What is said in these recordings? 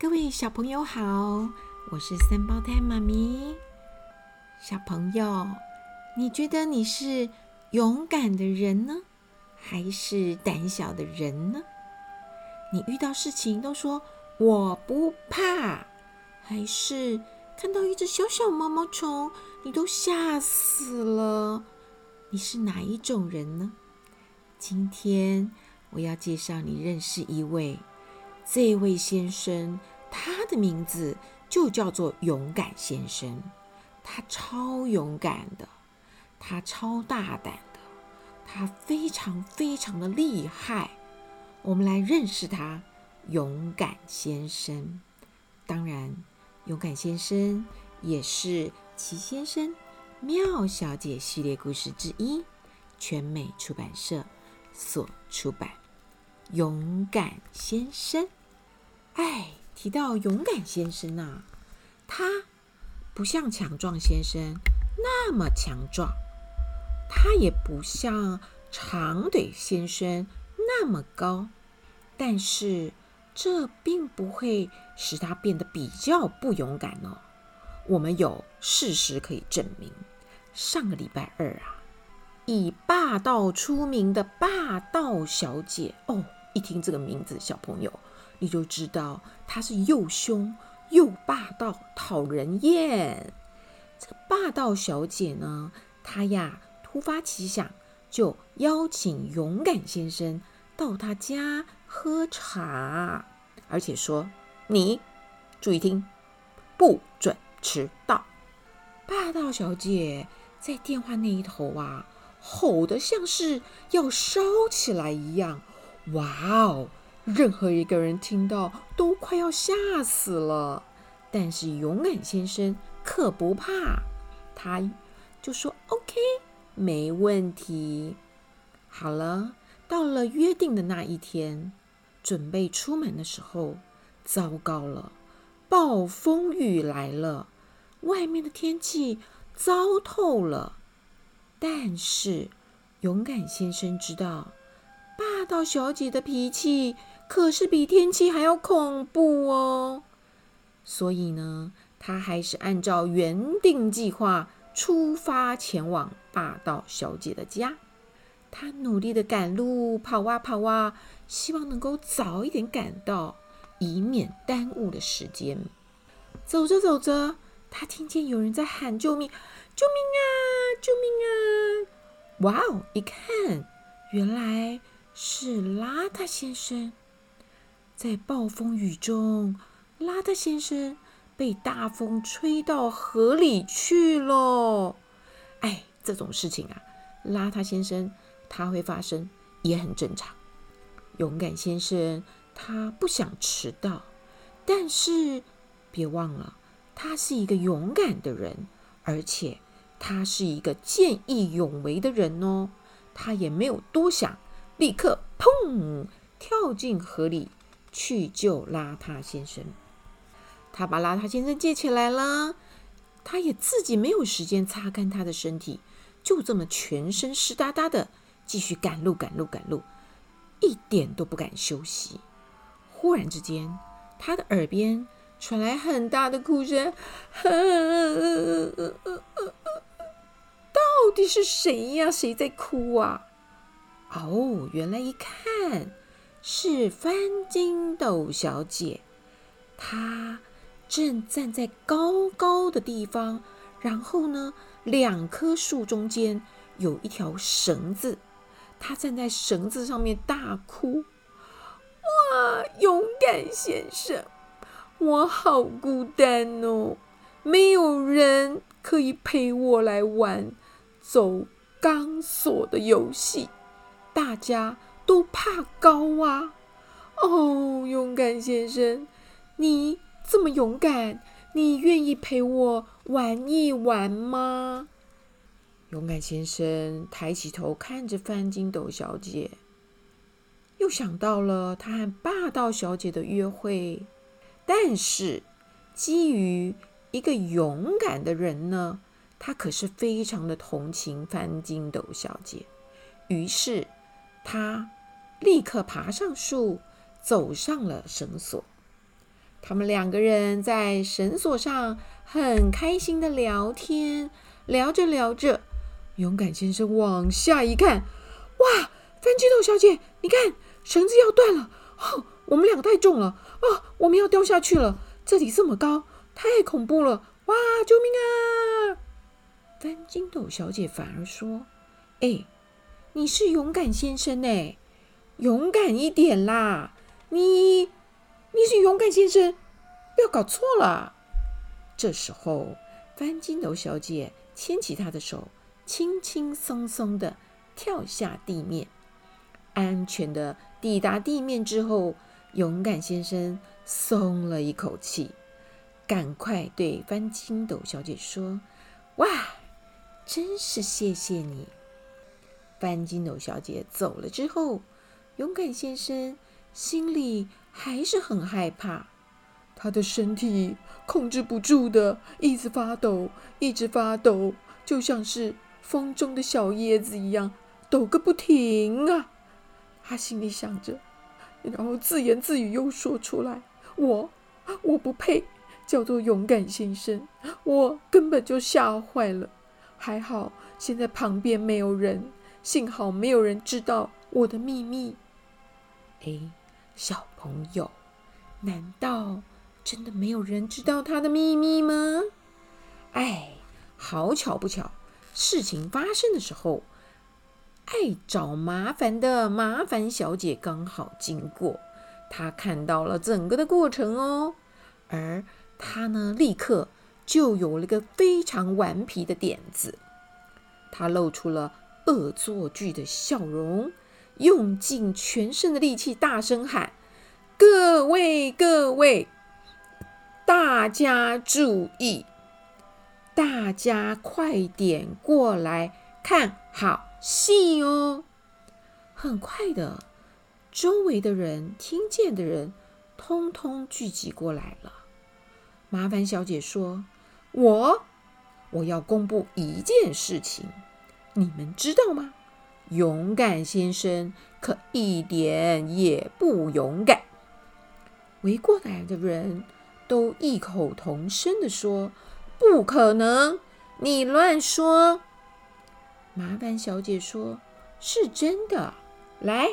各位小朋友好，我是三胞胎媽咪。小朋友，你覺得你是勇敢的人呢？還是膽小的人呢？你遇到事情都說我不怕，還是看到一隻小小毛毛蟲你都嚇死了？你是哪一種人呢？今天我要介紹你認識一位。這位先生，他的名字就叫做勇敢先生。他超勇敢的，他超大膽的，他非常非常的厲害。我們來認識他，勇敢先生。當然，勇敢先生也是《奇先生妙小姐》系列故事之一，全美出版社所出版。勇敢先生。哎，提到勇敢先生啊，他不像強壯先生那麼強壯，他也不像長腿先生那麼高，但是這並不會使他變得比較不勇敢哦。我們有事實可以證明，上個禮拜二啊，以霸道出名的霸道小姐哦，一聽這個名字，小朋友。你就知道她是又兇又霸道，討人厭。這個霸道小姐呢，她呀突發奇想，就邀請勇敢先生到她家喝茶，而且說：“你注意聽，不准遲到。”霸道小姐在電話那一頭啊，吼得像是要燒起來一樣。哇哦！任何一個人聽到都快要嚇死了，但是勇敢先生可不怕，他就說：“OK，沒問題。”好了，到了約定的那一天，準備出門的時候，糟糕了，暴風雨來了，外面的天氣糟透了。但是勇敢先生知道，霸道小姐的脾氣。可是比天氣還要恐怖哦，所以呢，他還是按照原定計劃出發前往霸道小姐的家。他努力的趕路，跑哇、啊、跑哇、啊，希望能夠早一點趕到，以免耽誤了時間。走着走着，他聽見有人在喊救命！救命啊！救命啊！哇哦！一看，原來是邋遢先生。在暴風雨中，邋遢先生被大風吹到河裡去了。哎，這種事情啊，邋遢先生他會發生也很正常。勇敢先生他不想遲到，但是別忘了，他是一個勇敢的人，而且他是一個見義勇為的人哦。他也沒有多想，立刻砰跳進河裡。去救邋遢先生，他把邋遢先生接起來了，他也自己沒有時間擦乾他的身體，就這麼全身濕噠噠的繼續趕路，趕路，趕路，一點都不敢休息。忽然之間，他的耳邊傳來很大的哭聲，呵呵，到底是誰呀、啊？誰在哭啊？哦，原來一看。是翻筋斗小姐，她正站在高高的地方，然後呢，兩棵樹中間有一條繩子，她站在繩子上面大哭。哇，勇敢先生，我好孤單哦，沒有人可以陪我來玩走鋼索的遊戲。大家。都怕高啊！哦，oh，勇敢先生，你這麼勇敢，你願意陪我玩一玩嗎？勇敢先生抬起頭看着翻筋斗小姐，又想到了他和霸道小姐的約會，但是基於一個勇敢的人呢，他可是非常的同情翻筋斗小姐，於是他。立刻爬上樹，走上了繩索。他們兩個人在繩索上很開心地聊天，聊着聊着，勇敢先生往下一看，哇！翻筋斗小姐，你看繩子要斷了哦，我們兩個太重了哦，我們要掉下去了。這裡這麼高，太恐怖了！哇，救命啊！翻筋斗小姐反而說：“哎，你是勇敢先生誒。”勇敢一點啦！你，你是勇敢先生，不要搞錯了。這時候，翻筋斗小姐牽起他的手，輕輕鬆鬆的跳下地面，安全的抵達地面之後，勇敢先生鬆了一口氣，趕快對翻筋斗小姐說：“哇，真是謝謝你！”翻筋斗小姐走了之後。勇敢先生心裡還是很害怕，他的身體控制不住的一直發抖，一直發抖，就像是風中的小葉子一樣，抖個不停啊！他心裡想着，然後自言自語又說出來：“我，我不配，叫做勇敢先生，我根本就嚇壞了。還好現在旁邊沒有人，幸好沒有人知道。”我的秘密，哎，小朋友，難道真的沒有人知道他的秘密嗎？哎，好巧不巧，事情發生的時候，愛找麻煩的麻煩小姐剛好經過，她看到了整個的過程哦，而她呢，立刻就有了一個非常頑皮的點子，她露出了惡作劇的笑容。用盡全身的力氣，大聲喊：“各位，各位，大家注意，大家快點過來看好戲哦！”很快的，周圍的人、聽見的人，通通聚集過來了。麻煩小姐說：“我，我要公布一件事情，你們知道嗎？”勇敢先生可一點也不勇敢。圍過來的人都異口同聲地說：“不可能，你亂說。”麻煩小姐說：“是真的。”來，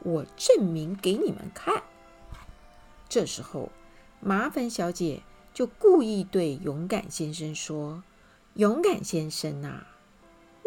我證明給你們看。這時候，麻煩小姐就故意對勇敢先生說：“勇敢先生吶、啊。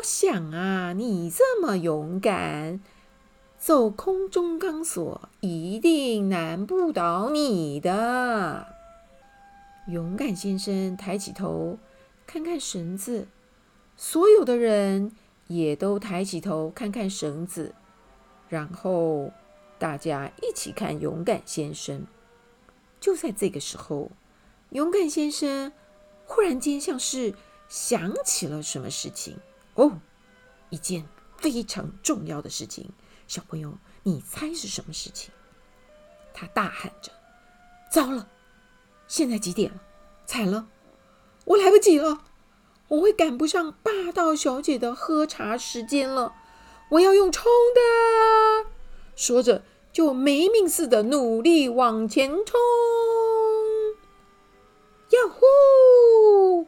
我想啊，你這麼勇敢，走空中鋼索一定難不倒你的。」勇敢先生抬起頭，看看繩子，所有的人也都抬起頭看看繩子，然後大家一起看勇敢先生。就在這個時候，勇敢先生忽然間像是想起了什麼事情。哦，oh, 一件非常重要的事情，小朋友，你猜是什麼事情？他大喊着：“糟了，現在幾點了？慘了，我來不及了，我會趕不上霸道小姐的喝茶時間了，我要用衝的。”說着就沒命似的努力往前衝，呀呼！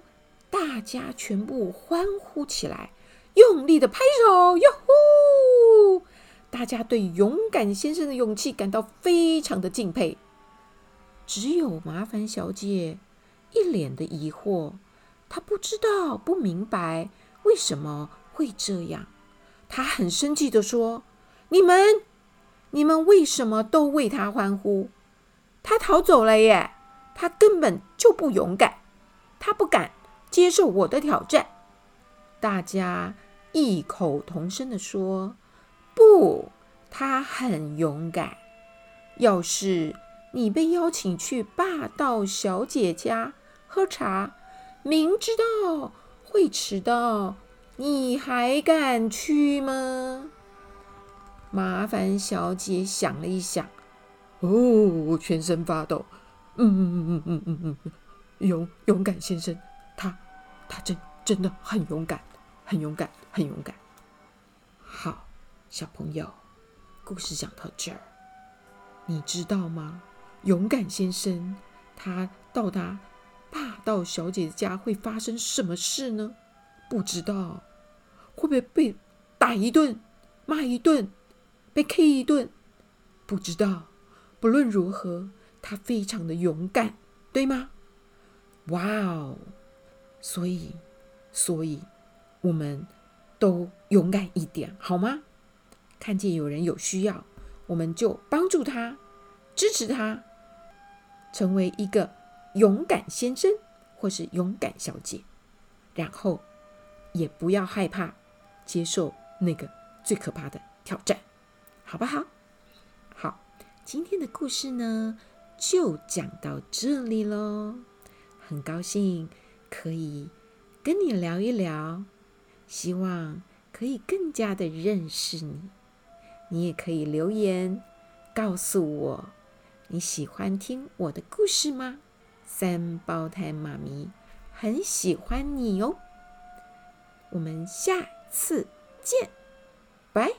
大家全部歡呼起來。用力的拍手，喲呼！大家對勇敢先生的勇氣感到非常的敬佩。只有麻煩小姐一臉的疑惑，她不知道、不明白為什麼會這樣。她很生氣的說：“你們，你們為什麼都為他歡呼？他逃走了耶！他根本就不勇敢，他不敢接受我的挑戰。”大家異口同聲地說：“不，他很勇敢。要是你被邀請去霸道小姐家喝茶，明知道會遲到，你還敢去嗎？”麻煩小姐想了一想，哦，我全身發抖，嗯嗯嗯嗯嗯嗯，勇勇敢先生，他，他真真的很勇敢。很勇敢，很勇敢。好，小朋友，故事講到這兒，你知道嗎？勇敢先生他到達霸道小姐家會發生什麼事呢？不知道，會不會被打一頓、罵一頓、被 K 一頓？不知道。不論如何，他非常的勇敢，對嗎？哇哦！所以，所以。我們都勇敢一點，好嗎？看見有人有需要，我們就幫助他，支持他，成為一個勇敢先生或是勇敢小姐，然後也不要害怕接受那個最可怕的挑戰，好不好？好，今天的故事呢，就講到這裡嘍。很高興可以跟你聊一聊。希望可以更加的認識你，你也可以留言告訴我，你喜歡聽我的故事嗎？三胞胎媽咪很喜歡你哦，我們下次見，拜。